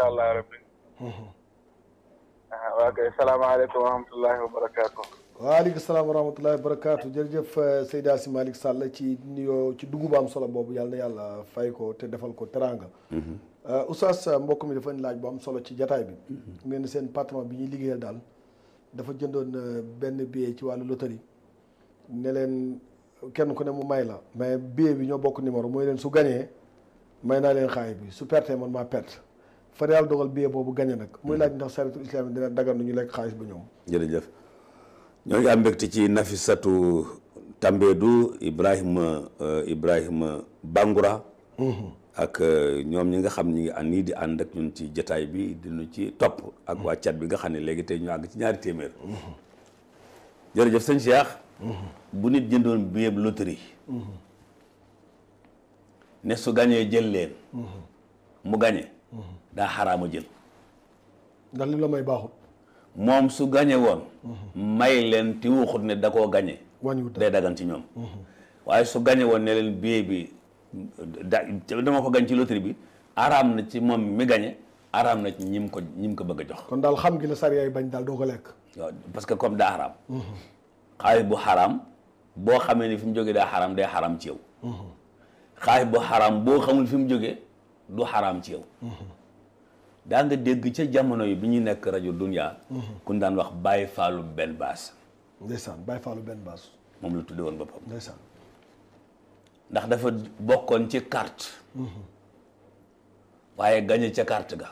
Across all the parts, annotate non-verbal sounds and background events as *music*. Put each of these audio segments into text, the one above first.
incha allah ah, salaam wa jërëjëf eh, Seyda Si Malick Sall ci nuyoo ci dugub am solo boobu yàlla yàlla fay ko te defal ko teraanga. Eh, Oustaz mbokk mi laaj bu am solo ci jataay bi. mel ni seen patron bi ñuy liggéeyal daal dafa jëndoon eh, benn billet ci wàllu loterie ne leen kenn ku ne mu may la mais billet bi ñoo bokk numéro mooy leen su gañee may naa leen xaay bi su perte man maa perte. far yàlla dogal billet boobu gañe nag muy mm-hmm. laaj ndax saritu islam yi dina dagan ñu lekk xaalis ba ñoom jërëjëf ñoo ngi am mbégte ci Nafisatu Tambédou Ibrahima euh, Ibrahima Bangoura mm-hmm. ak euh, ñoom ñi nga xam ñi ngi nii di ànd ak ñun ci jataay bi dinu ci topp ak mm-hmm. waa cat bi nga xam ne léegi te ñu àgg ci ñaari téeméer jërëjëf sëñ Cheikh bu nit jëndoon billet loterie ne su gañee jël leen mu gañe daa xaraama jël ndax li la may baaxut moom su gañe woon may leen ti waxut ne da koo gañe day dagan ci ñoom waaye su gañe woon ne leen bi da dama ko gañ ci loterie bi araam na ci moom mi gañe araam na ci ñim ko ñim ko bëgg a jox kon daal xam gi la sariya yi bañ daal doo ko lekk waaw parce que comme daa xaraam xaalis bu xaraam boo xamee ni fi mu jógee daa xaraam day xaram ci yow mm-hmm. xaalis bu xaraam boo xamul fi mu du xaraam ci yow daa nga dégg ca jamono yi bi ñuy nekk rajo dunia kun daan wax bàyyi faalu benn baas benn baas moom lu tudde woon boppam ndax dafa bokkoon ci carte waaye gañe ca carte ga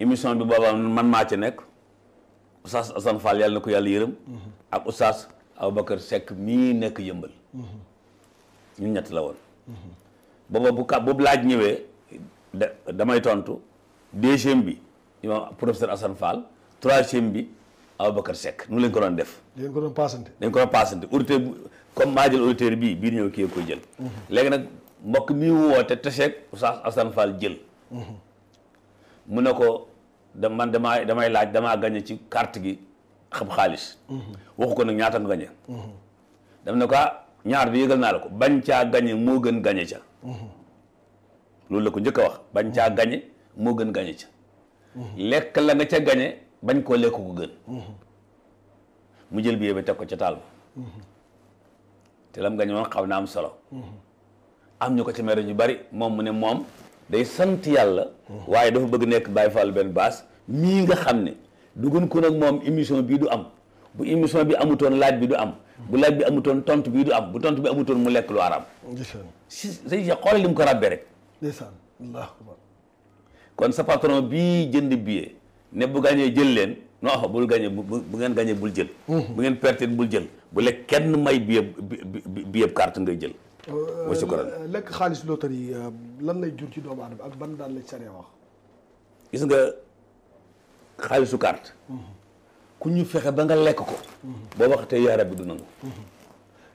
émission bi boobaa man maa ci nekk oustaz Assane Fall yàlla na ko yàlla yërëm ak oustaz Aboubacar Seck mii nekk yëmbal ñun ñett la woon booba bu ka bu laaj ñëwee damay tontu deuxième bi imam professeur Assane Fall troisième bi Aboubacar Seck nu lañ ko doon def. dañ ko doon paasante. dañ ko doon paasante auditeur comme maa jël auditeur bii bii ñëw kii koy jël. Mhm. léegi nag mbokk mi woote taseeg oustaz Assane Fall jël. Mhm. mu ne ko da man damaa damay laaj damaa gañe ci carte gi xam xaalis. Mhm. waxu ko nag ñaata nga gañe. dam ne ko ah, ñaar bi yëgal naa la ko bañ caa gañe moo gën gañe ca. loolu la ko njëkk a wax bañ caa mm-hmm. gañe moo gën gañe ca mm-hmm. lekk la nga ca gañe bañ koo lekk ko gën mm-hmm. mu jël bi ba teg ko ca taal ba te lam gañe woon xaw na am solo am ñu ko ca mere ñu bari moom mu ne moom day sant yàlla waaye dafa bëgg nekk Baye Fall benn baas mii nga xam ne duggun ko nag moom émission bii du am bu émission bi amutoon laaj bi du am bu laaj bi amutoon tontu bi du am bu tont bi amutoon mu lekk lu araam si sëñ Cheikh xoolal li mu ko rek ndeysaan Allahu kon sa patron bii jënd billet ne bu gagné jël leen non bul gagné bu bu ngeen gagné bul jël mhm. bu ngeen perte bul jël bu lekk kenn may billet billet carte ngay jël wa euh, shukran euh, lekk xaalis loterie euh, lan lay jur ci doomu aadama ak ban daan la sariya wax gis nga xaalisu carte mhm. ku ñu fexe ba nga lekk ko. boo waxatee yaara bi du nangu.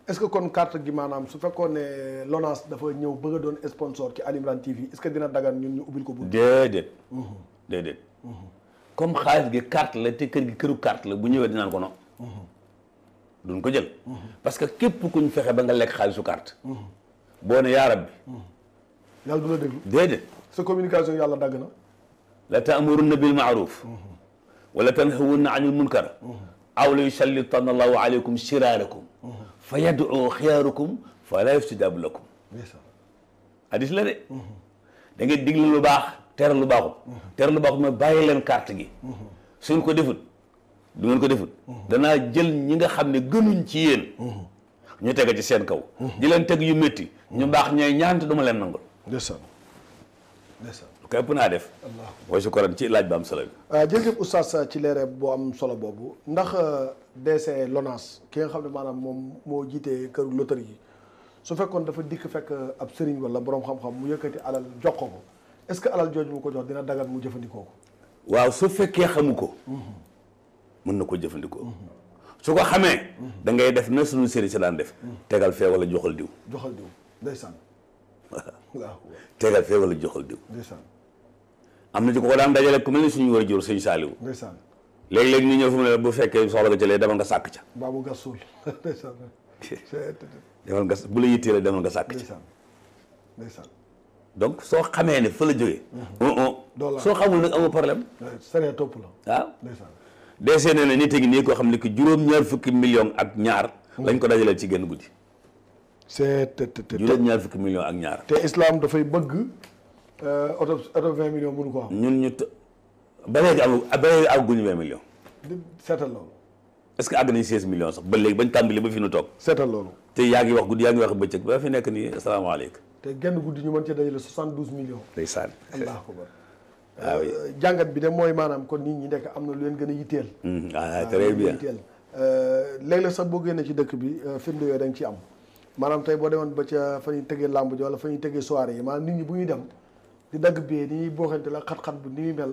est-ce que kon carte gi maanaam su fekkoon ne LONASE dafa ñëw bëgg a doon sponsor ci Ali Imran TV est-ce que dina dagan ñu ubbil ko. déedéet. Mhm. déedéet. Mhm. comme xaalis gi carte la te kër gi këru carte la bu ñëwee dinaan ko non. Mhm. duñ ko jël. parce que képp ku ñu fexe ba nga lekk xaalisu carte. boo ne yaarab bi. yàlla du la déglu déedéet. sa communication yàlla dagg na. la ta'muruna bil ma'ruf. wala tanhawunna anil munkar aw la yusallitanna allahu alaykum shiraarakum fa yad'u xiyaarukum fa la yustajaabu lakum hadis la de da ngeen lu baax tere lu baaxul tere lu baaxul mooy bàyyi leen carte gi suñ ko defut du ngeen ko defut danaa jël ñi nga xam ne gënuñ ci ñu teg ci seen kaw di leen teg yu métti ñu baax ñooy ñaante du ma leen nangul ndeysaan kay ëpp naa def mooy sukkuran ci laaj bi am solo bi euh, jërëjëf oustaz ci leere bu am solo boobu ndax euh, DC LONASE ki nga xam ne maanaam moom moo jiitee kër loterie yi su fekkoon dafa dikk fekk euh, ab sëriñ wala borom xam-xam mu yëkkati alal jox ko ko est-ce que alal jooju mu ko jox dina dagat mu jëfandikoo ko waaw su fekkee xamu ko mën na ko jëfandikoo su ko xamee da ngay def na suñu sëriñ si daan def tegal fee wala joxal diw joxal diw ndeysaan *laughs* waaw tegal fee am na ci ko ko daan dajale ku mel ni suñu war a jur sëñ Saaliw ndeysaan léeg-léeg ñu ñëw fi mu ne bu fekkee soxla nga ca lee demal nga sàkk ca baabu gas suul *laughs* ndeysaan demal bu la yittee la demal nga sàkk ca ndeysaan donc soo xamee ne fa la jógee mhm. soo xamul nag amoo problème sare topp la waaw ah. ndeysaan deesee nee na nit a ngi nii koo xam ne que juróom-ñaar fukki million ak ñaar mhm. lañ ko dajaleel ci genn guddi c'est juróom-ñaar fukki million ak ñaar te islam dafay bëgg Euh, oto oto vingt millions mënu ko am. ñun ñu të ba léegi am ba léegi àgguñu vingt millions. di seetal loolu. est-ce que àgg nañ seize millions sax ba léegi bañ tàmbali ba fi nu toog. seetal loolu. te yaa ngi wax guddi yaa ngi wax bëccëg ba fi nekk nii asalaamaaleykum. te genn guddi ñu mën cee dajale soixante douze millions. ndeysaan allah akbar waaw ah euh, jàngat bi de mooy maanaam kon nit ñi nekk am na lu leen gën a yitteel. Hmm, ah, ah très bien euh, léeg-léeg sax boo génnee ci dëkk bi firnde yooyu da nga ci am maanaam tey boo demoon ba ca fa ñuy tegee làmb ji fa ñuy tegee soirée yi maanaam nit ñi bu ñuy dem di dagg bee ni ñuy la xat-xat bu ni muy mel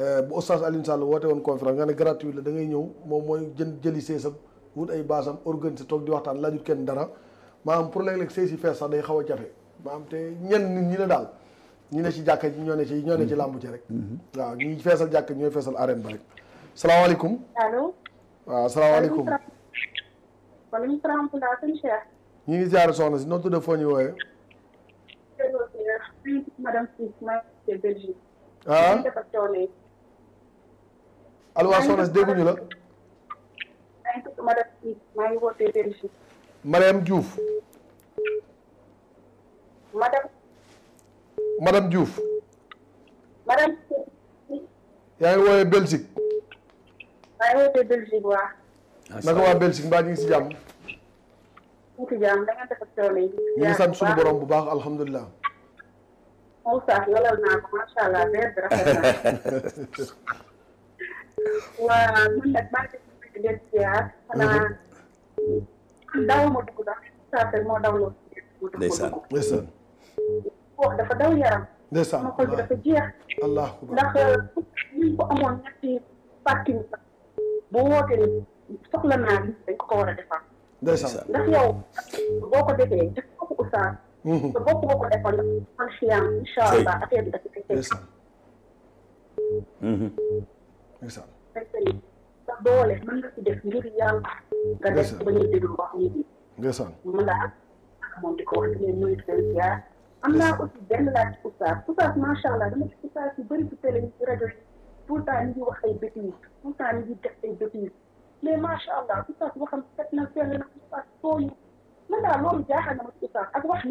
euh, bu oustaz Alioune woote woon conférence nga ne gratuit la da ngay ñëw moom mooy jën jëli seesam wut ay baasam organiser toog di waxtaan laajut kenn dara maanaam pour léeg-léeg sëy si fees sax day xaw a jafe maanaam te ñenn nit ñi la daal ñi ne ci jàkka ji ñoo ne ci ñoo ne ci làmb ci rek mm-hmm. waaw ñi feesal jàkk ñooy feesal arène ba rek salaamaaleykum allo waaw salaamaaleykum waaleykum ñu ngi ziar soxna si noo tuddee ñu wooyee puis madame Cissé maa ngi ci Belgique. ah alwa soxna si dégguñu la. yaa ngi woowee Belgique. maa ngi wootee Belgique waa. naka waa Belgique mbaa ñu ngi si jàmm. ñu ngi si jàmm da nga def borom bu baax alhamdulilah. puusax yolal naa ko bi rafet na waa man nag maa ngi leen di daw ma dugg ndax saa moo daw loolu. ndeysaan ndeysaan. wax dafa daw yaram. ndeysaan ma xol bi dafa jeex. allah ndax ñu ko amoon ñetti boo ko defee def ko ko te bokkuma ko defoon man si yaam incha allah affaire bi dafa fekkee. incha allah. incha allah. sa doole mën nga ci def ngir yàlla. nga def ba ñuy déglu wax nit ko wax di leen nuyu seen ziar. am naa aussi wax ay bêtises tout le na ma ci sens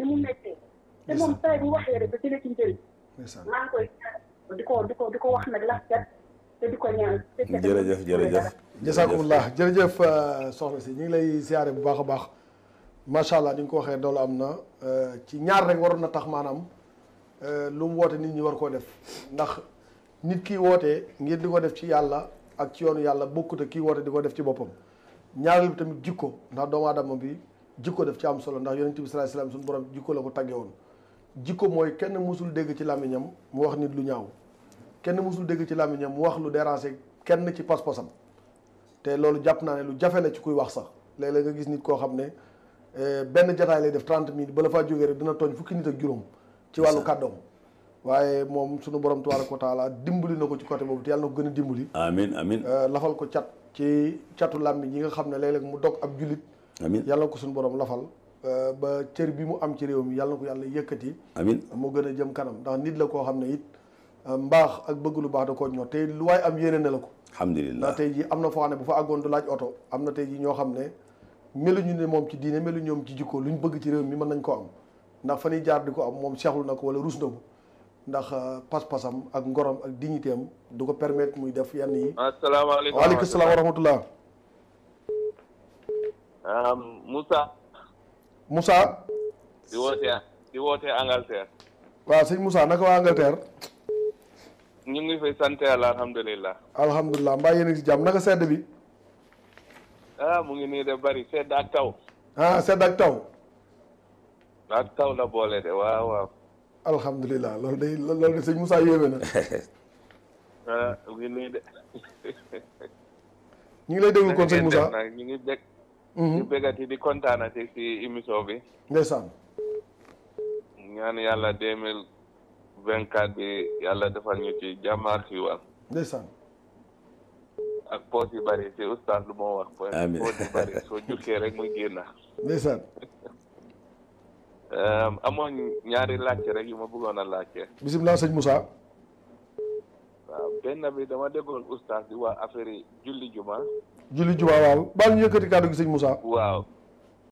jërëjëf jërëjëf jasakumullah jërëjëf euh, soxna si ñu ngi lay siyaare bu baax a baax macha allah ni nga ko waxee doolu am na euh, ci ñaar rek waroon na tax maanaam euh, lu mu woote nit ñi war koo def ndax nit ki woote ngir di ko def ci yàlla ak ci yoonu yàlla bokkut kii woote di ko def ci boppam ñaareel bi tamit jikko ndax doomu aadama bi jikko def ci am solo ndax yonent bi sallallahu alayhi wasallam suñu borom jikko la ko tàggee woon jikko mooy kenn mosul dégg ci làmmiñam mu wax nit lu ñaaw kenn mosul dégg ci làmmiñam mu wax lu déranger kenn ci pas-pasam te loolu jàpp naa ne lu jafe la ci kuy wax sax léeg-léeg nga gis nit koo xam ne eh, benn jataay lay def 30 minutes bala faa jógee rek dina tooñ fukki nit ak juróom ci wàllu kàddoom waaye moom sunu borom tabaaraka wa taala dimbali na ko ci côté boobu te yàlla ko gën a dimbali amiin amiin eh, lafal ko cat ci catu làmmiñ yi nga xam ne léeg mu dog ab jullit amiin yàlla na ko suñu boroom lafal euh, ba cër bi mu am ci réew mi yàlla na ko yàlla yëkkati. amiin mu gën a jëm kanam ndax nit la koo xam ne it euh, mbaax ak bëgg lu baax da koo ñoo te lu waaye am yéene na la ko. alhamdulilah ndax tey jii am na foo xam ne bu fa àggoon am na tey jii ñoo xam ne meluñu ne moom ci diine meluñu ñoom ci jikko ñu bëgg ci réew mi mën nañ ko am ndax fa ñuy jaar di ko am moom seexlu na ko wala ruus na ko ndax euh, pas-pasam ak ngorom ak dignité du ko permettre muy def yenn yi. asalaamaaleykum waaleykum salaam Moussa. Um, Moussa. di wootee di wootee waaw sëñ Moussa naka waa Angleterre. ñu ngi fay sant yàlla alhamdulilah. alhamdulilah mbaa yéen a si jàmm naka sedd bi. Ah, mu ngi nii de bari sedd ak taw. Ah, sedd ak taw. ak taw la boole de waaw waaw. alhamdulilah loolu day loolu de sëñ Moussa yéeme na. Ah, ngi nii de. ñu ngi lay déglu kon sëñ Moussa ñu ngi dégg. Mhm. di bëggati di kontaanati si émission bi. ndeysaan. ñaan yàlla deux mille vingt quatre bi yàlla defal ñu ci jàmm ak xiiwal. ndeysaan. ak poos yu bari si oustaz lu moo wax. amiin poos yu bari soo jukkee rek muy génn. ndeysaan. Ehm, amoon ñaari laajte rek yu ma bëggoon a laajte. bisimilah bi dama déggoon oustaz di wax affaire yi julli juma. julli juma waaw baal ñu yëkkati kàddu gi sëñ Moussa waaw